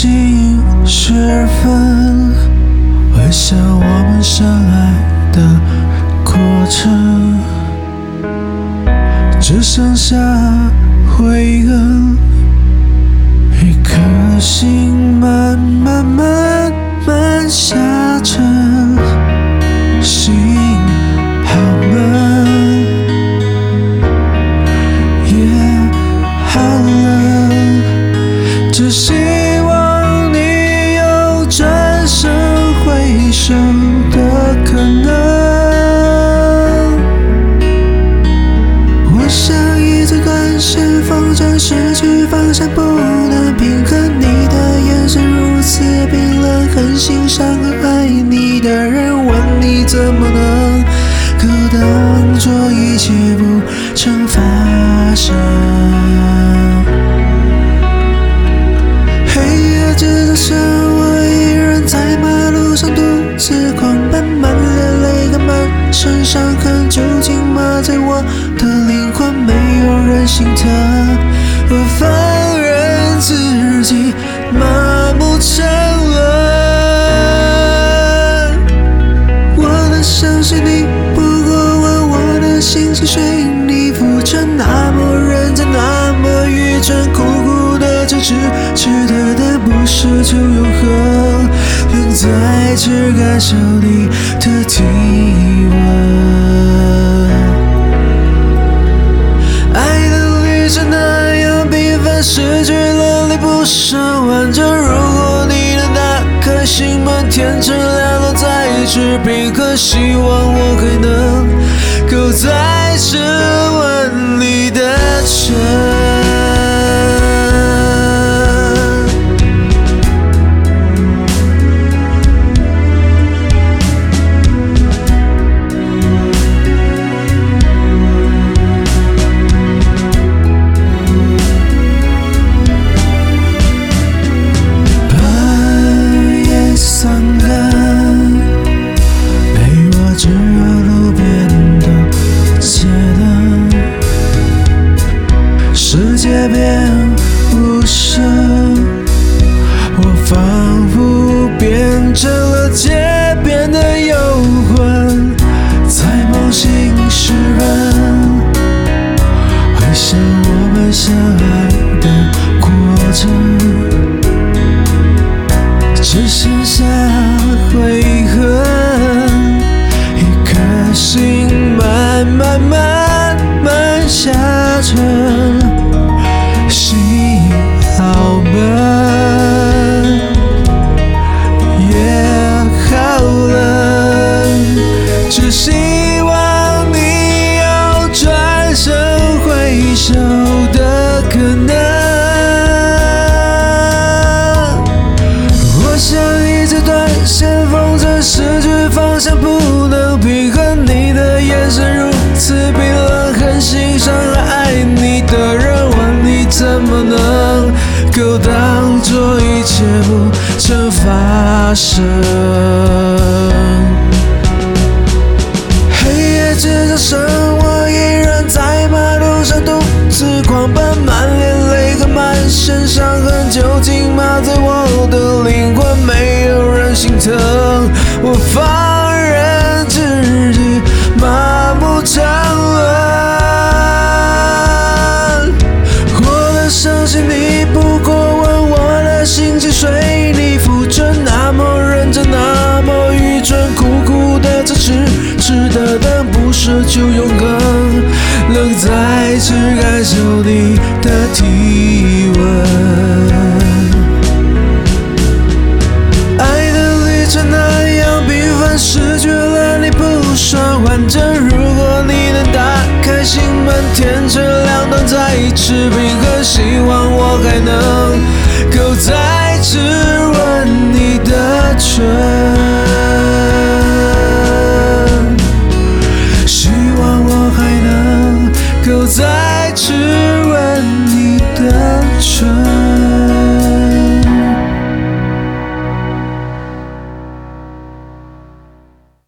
醒時分，回想我們相愛的過程，只剩下悔恨，一顆心慢慢，慢慢慢慢下沉。隻風箏失去方向，不能平衡。你的眼神如此冰冷，狠心傷害愛你的人，問你怎麼能，夠當做一切不曾發生。黑夜之中剩。心情隨你浮沉，那麼認真，那麼愚蠢，苦苦的撐痴痴的等，不奢求永恆，能再次感受你的體溫。愛的旅程那樣繽紛，失去了你不算完整。如果你能打開心門，天秤兩端，再次平衡，希望我還能。夠再次只剩下悔恨，一顆心慢慢慢慢下沉，心好悶，夜好冷，只希望你有轉身回首。我卻不，不能平衡，你的眼神如此冰冷，狠心傷害愛你的人，問你怎麼能夠當作一切不曾發生。黑夜之中，剩我一人在馬路上獨自狂奔，滿臉淚痕，滿身傷痕，酒精麻醉我的靈魂，沒有人心疼，我放再次平衡，希望我還能夠再次吻你的唇，希望我還能夠再次。